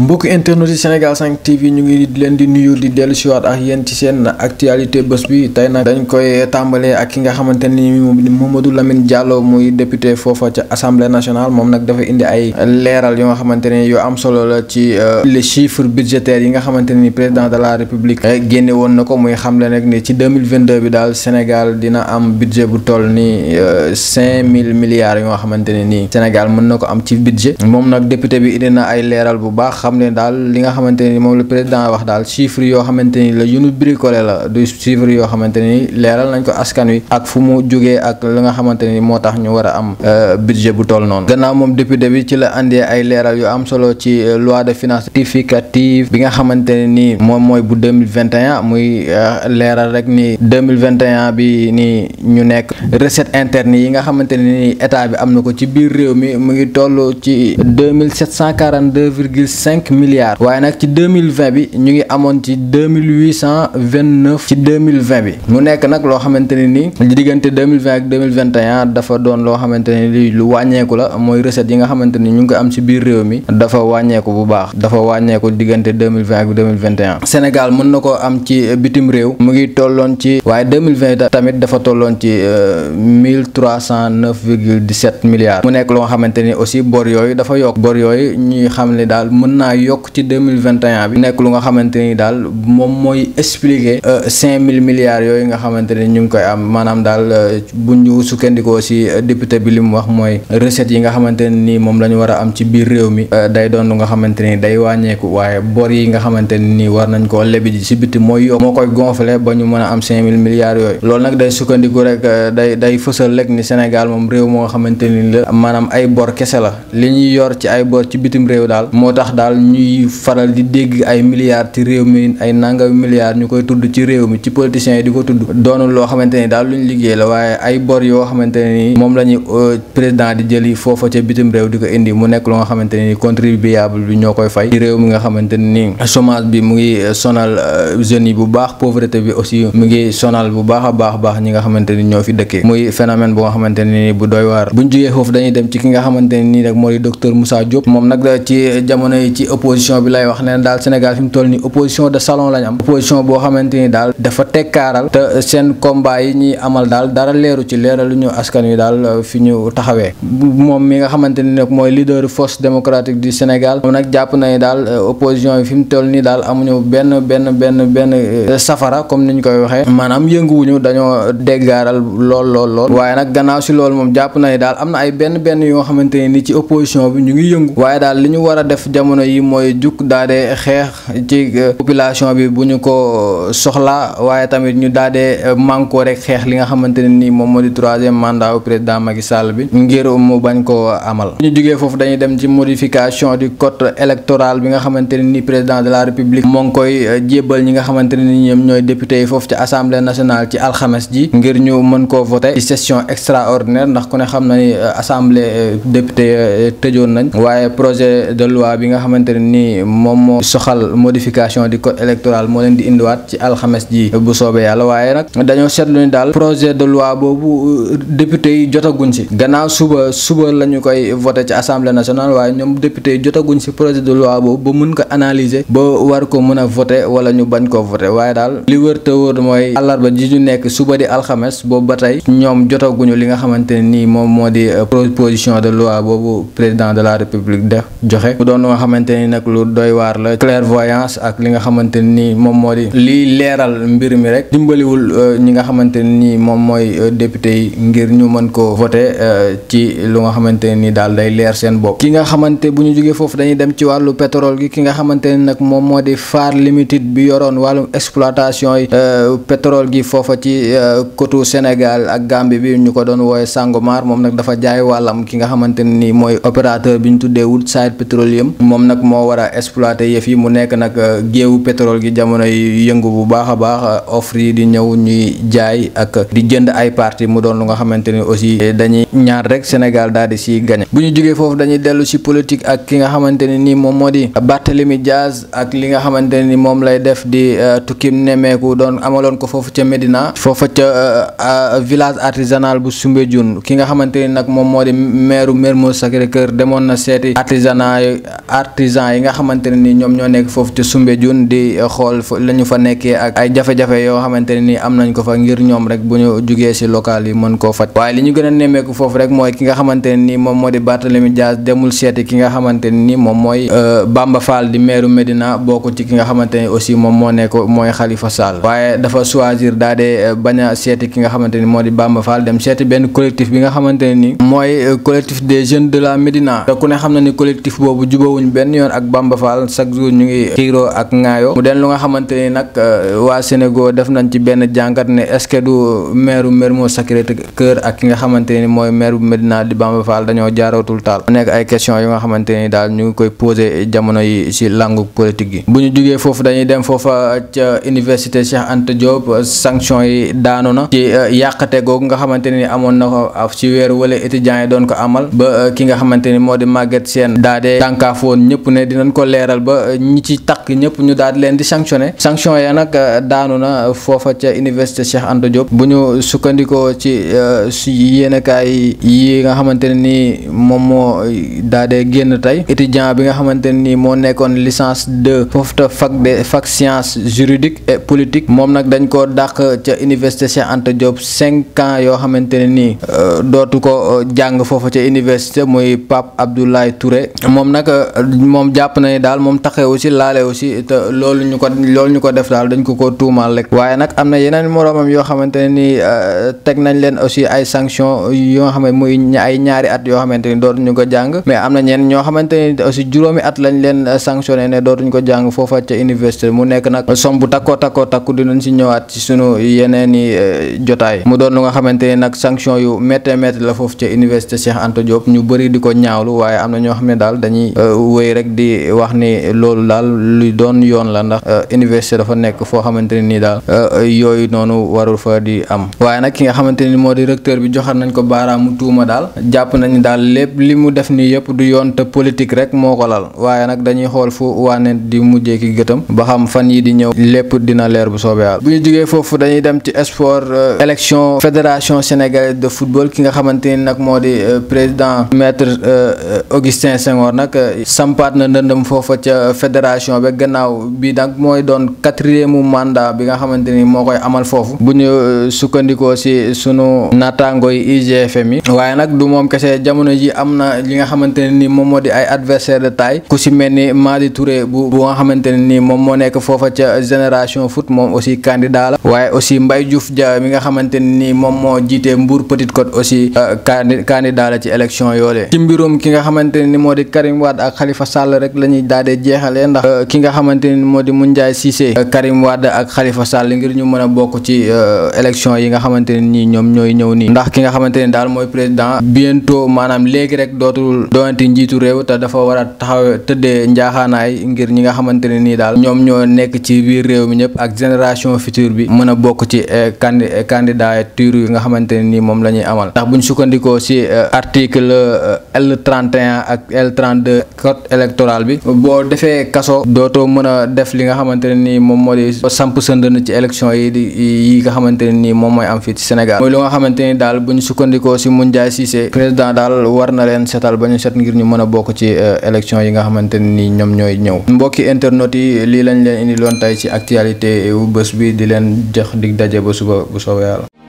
mbokk internet yi Sénégal 5 TV ñu ngi leen di nuyu di dellu siwaat ak yéen ci seen actualité bés bi tey nag dañ koy tàmbalee ak ki nga xamante ni Mamadou Lamine Diallo muy député foofa ca assemblée nationale moom nag dafa indi ay leeral yoo nga xamante ne yu am solo la ci euh, les chiffres budgétaires yi nga xamante ni président de la république euh, génne woon na ko muy xam nag ne ci 2022 bi daal Sénégal dina am budget bu toll ni 5000 euh, milliards yoo nga xamante ne nii Sénégal mën na ko am ci budget moom nag député bi indi na ay leeral bu baax. xam ne daal li nga xamante ni moom la président wax daal chiffre yoo xamante ni la yu nu bricolé la du chiffre yoo xamante ni leeral nañ ko askan wi ak fu mu jógee ak li nga xamante ni moo tax ñu war euh, bu moom député euh, de finances rectificative bi nga xamante ne ni moom mooy bu 2021 muy euh, leeral rek ni bi ni ñu nekk recette interne yi nga xamante ne ni état bi am na ko ci biir réew mi mu ngi toll ci 2742,5 cinq milliards waaye nag ci deux mille vingt bi ñu ngi amoon ci deux mille huit cent vingt ci bi mu nekk nag loo xamante ne nii li diggante deux mille vingt ak deux mille dafa doon loo xamante ni nii lu wàññeeku la mooy recette yi nga xamante ni ñu ngi ko am ci biir réew mi dafa wàññeeku bu baax dafa wàññeeku diggante deux mille vingt ak deux mille vingt et un Sénégal mën na ko am ci bitim réew mu ngi tolloon ci waaye deux mille vingt tamit dafa tolloon ci euh, mille trois cent neuf virgule dix sept milliards mu nekk loo xamante ni aussi bor yooyu dafa yokk bor yooyu ñuy xam ne daal mën naa yokk ci deux mille vingt et un bi ni daal moom mooy expliquer euh, cinq mille milliards yooyu nga xamante ni ñu ngi koy am maanaam daal euh, bu ñu sukkandikoo si euh, député bi li mu wax mooy recettes yi nga xamante ne nii moom la ñu war a am ci biir réew mi day doon lu nga xamante ni day wàññeeku waaye bor yi nga xamante ne nii war nañ koo lebi ji si biti mooy yokk moo koy gonfler ba ñu mën a am cinq mille milliards yooyu loolu nag day sukkandiku rek day day fësal rek ni Sénégal moom réew moo nga xamante ni la maanaam ay bor kese la réew Sénégal ñuy faral di dégg ay milliards ci réew mi ay nangaw milliards ñu koy tudd ci réew mi ci politiciens yi di ko tudd doonul loo xamante ni daal lu ñu liggéey la waaye ay bor yoo xamante ni moom la ñu euh, président di jëli foofa ca bitim réew di ko indi mu nekk loo nga xamante ni contribuable bi ñoo koy fay ci réew mi nga xamante nii chômage bi mu ngi euh, sonal euh, jeunes yi bu baax pauvreté bi aussi mu ngi sonal bu baax a baax baax ñi nga xamante ni ñoo fi dëkkee muy phénomène bu nga xamante ni bu doy waar buñ jugee foofu dañuy dem ci ki nga xamante ni rek mooy docteur Moussa Diop moom nag ci jamono yi ci opposition bi lay wax ne daal Sénégal fi mu toll nii opposition boo xamante ni daal dafa tekkaaral te seen combat yi ñuy amal daal dara leeru ci leeral lu ñu askan wi daal fi ñu taxawee moom mi nga xamante ni nag mooy leader force démocratique du Sénégal moom nag jàpp na daal euh, opposition bi fi mu toll nii daal amuñu benn benn benn benn euh, safara comme niñ koy waxee maanaam yënguwuñu dañoo déggaaral lool lool lool waaye nag gannaaw si loolu moom jàpp na daal am na ay benn benn yoo xamante ni ci opposition bi ñu ngi yëngu waaye daal li ñu war def jamono yi mooy jug daa xeex ci euh, population bi bu ñu ko soxla waaye tamit ñu daa dee euh, mànkoo rek xeex li nga xamante ne nii moom moo di troisième mandat président Macky Sall bi ngir mu bañ ko amal. jugee foofu dañuy dem ci modification du code électoral bi nga xamante ne nii président de la république moo ngi koy euh, jébbal ñi nga xamante ne nii ñoom ñooy député yi foofu ci assemblée nationale ci alxames ji ngir ñu mën koo voté ci session extraordinaire ndax ku ne xam na ni assemblée député tëjoon nañ waaye projet de loi bi nga xamante xamante ne nii moom moo soxal modification di code électoral moo leen di indiwaat ci alxames ji bu soobee yàlla waaye nag dañoo seetlu ni daal projet de loi boobu euh, député yi jotaguñ si gannaaw suba suba la ñu koy voté ci assemblée nationale waaye ñoom député yi jotaguñ si projet de loi boobu ba mun ko analyser ba war ko mën a voté wala ñu bañ koo voté waaye daal li wër te wër mooy àllarba ji ñu nekk suba di alxames boobu ba tey ñoom jotaguñu li nga xamante ne nii moom moo di euh, proposition de loi boobu président de la république def xamante nag lu doy waar la clairvoyance ak li nga xamante nii moom moo di leeral mbir mi rek dimbaliwul euh, ñi nga xamante ni moom mooy euh, député yi ngir ñu mën ko voté euh, ci lu nga xamante nii daal day leer seen bopp ki nga xamante bu ñu jógee foofu dañuy dem ci wàllu pétrole gi ki nga xamante ni nag moom moo di Far Limited bi yoroon wàllum exploitation yi pétrole gi foofa ci côtu Sénégal ak Gambie bi ñu ko doon wooye Sangomar moom nag dafa jaay wàllam ki nga xamante ni mooy opérateur bi ñu tuddee Woodside Petroleum moo war a exploiter yëf yi mu nekk nag euh, géewu pétrole gi jamono yi yëngu bu baax a baax euh, ofri di ñëw ñuy jaay ak di jënd ay parti mu doon lu nga xamante ni aussi dañuy ñaar rek Sénégal daal di si gañe bu ñu jógee foofu dañuy dellu si politique ak ki nga xamante ne ni moom moo di Barthélemy Diaz ak li nga xamante ne ni moom lay def di euh, tukkim nemmeeku doon amaloon ko foofu ca Médina foofa ca village artisanal bu Soumbédioune ki nga xamante ni nag moom moo di maire Mermoz Sacré-Cœur demoon na seeti artisanat paysans yi nga xamante ne ni ñoom ñoo nekk foofu ci eh, ñu fa nekkee ak ay jafe yoo xamante ne ni am nañ ko fa ngir ñoom rek bu ñu jugee si local yi mën koo faj waaye li ñu gën a nemmeeku foofu rek mooy ki nga xamante ne ni moom moo di Barthélémy Dias demul seeti ki nga xamante ne ni moom mooy eh, Bamba Fall di maire Médina bokk ci ki nga xamante ne aussi moom moo nekk mooy xalifa Sall waaye dafa choisir daa dee eh, bañ a seeti ki nga xamante ni moo di Bamba Fall dem seeti benn collectif bi nga xamante ne ni mooy collectif de jeunes de la Médina ku ne xam na ni collectif boobu jubawuñ benn benn yoon ak Bamba Fall chaque jour ñu ngi xiiroo ak ŋaayoo mu den lu nga xamante ni nag euh, waa Sénégal def nañ ci benn jàngat ne est-ce que du maire Mermoz Sacré-Cœur ak ki nga xamante ni mooy mair bu Médina di Bamba Fall dañoo jaarootul taal nekk ay question yu nga xamante ni daal ñu ngi koy posé jamono yi ci langue politique gi bu ñu jugee foofu dañuy dem foofa ca université Cheikh Anta Diop sanction yi daanu na ci euh, yàqate googu nga xamante ni amoon na ko ci weer wala étudiants yi doon ko amal ba euh, ki nga xamante ni moo di Maguette ñëpp ne dinañ ko leeral ba euh, ñi ci takk ñëpp ñu daal di leen di sanctionné sanction ya nag euh, daanu na foofa ca université Cheikh Anta bu ñu sukkandikoo ci euh, si yéenekaay yi nga xamante ne nii moom moo daal génn tey étudiant bi nga xamante nii moo nekkoon licence de foofu ta fac de fac science juridique et politique moom nag dañ ko dàq ca université Cheikh Anta cinq ans yoo xamante ne nii dootu ko jàng foofa ca université muy Pape Abdoulaye Touré moom nag moom jàpp na ni daal moom taxewu si laalewu si te loolu ñu ko loolu ñu ko def daal dañ ko ko tuumaal rek waaye nag am na yeneen moroomam yoo ni euh, teg nañ leen aussi ay sanction yoo nga xam ne muy ay ñaari at yoo xamante ni dootuñu ko jàng mais am na ñeen ñoo ni aussi juróomi at lañ leen euh, sanctionné ne dootuñ ko jàng foofa ca université mu nekk nag som bu takkoo takkoo takku dinañ si ñëwaat ci sunu yeneen i euh, jotaay mu doon lu nga xamante ni sanction yu méttee métti la foofu ca université Cheikh anto Diop ñu bëri di ko ñaawlu waaye am na ñoo xam ne dañuy wéy rek di wax ni loolu daal luy doon yoon la ndax euh, université dafa nekk foo xamante ni nii daal euh, yooyu noonu warul fa di am waaye nag ki nga xamante ni moo di recteur bi joxar nañ ko baaraamu tuuma daal jàpp nañ daal lépp li mu def ni yëpp du yoon te politique rek moo ko lal waaye nag dañuy xool fu waane di mujjee ki gëtam ba xam fan yi di ñëw lépp dina leer bu soobee yàlla bu ñu jógee foofu dañuy dem ci sport euh, élection fédération sénégalaise de football ki nga xamante ni nag moo di président xawaat na ndëndëm foofa ca fédération ba gannaaw bi nag mooy doon quatrième mandat bi nga xamante ni moo koy amal foofu bu ñu euh, sukkandikoo si sunu naataangooy IGFM yi waaye nag du moom kese jamono ji am na li nga xamante ne ni moom moo di ay adversaire de taille ku si mel ni Madi bu bu nga xamante ne ni moom moo nekk foofa ca génération foot moom aussi candidat la waaye aussi mbay Diouf ja mi nga xamante ne ni moom moo jiite Mbour Petite Côte aussi euh, candidat la ci ci mbirum ki Sall rek la ñuy daal ndax euh, ki nga xamante ni moo di Moundiaye Cissé euh, Karim Wade ak Khalifa Sall ngir ñu mën a bokk ci euh, élection yi nga xamante ne nii ñoom ñooy ñëw nii ndax ki nga xamante ne daal mooy président bientôt maanaam léegi rek dootul doonati njiitu réew te dafa war a taxaw tëddee njaaxaanaay ngir ñi nga xamante ne nii daal ñoom ñoo nekk ci biir réew mi ñëpp ak génération future bi mën a bokk ci candi candidature yi nga xamante ni moom lañuy amal ndax buñ sukkandikoo ci article L31 ak L32 code électoral électorale bi boo defee kaso dootoo mën a def li nga xamante ne nii moom moo di samp sëndën ci élection yi di yi nga xamante ne nii moom mooy am fii ci senegal mooy lu nga xamante ni daal bu ñu sukkandikoo si Moundiaye Cissé président daal war na leen setal ba ñu set ngir ñu mën a bokk ci euh, élection yi nga xamante ne nii ñoom ñooy ñëw mbokki internet yi lii lañ leen indi loon tey ci actualité wu bés bi di leen jox dig daje ba suba bu soobee yàlla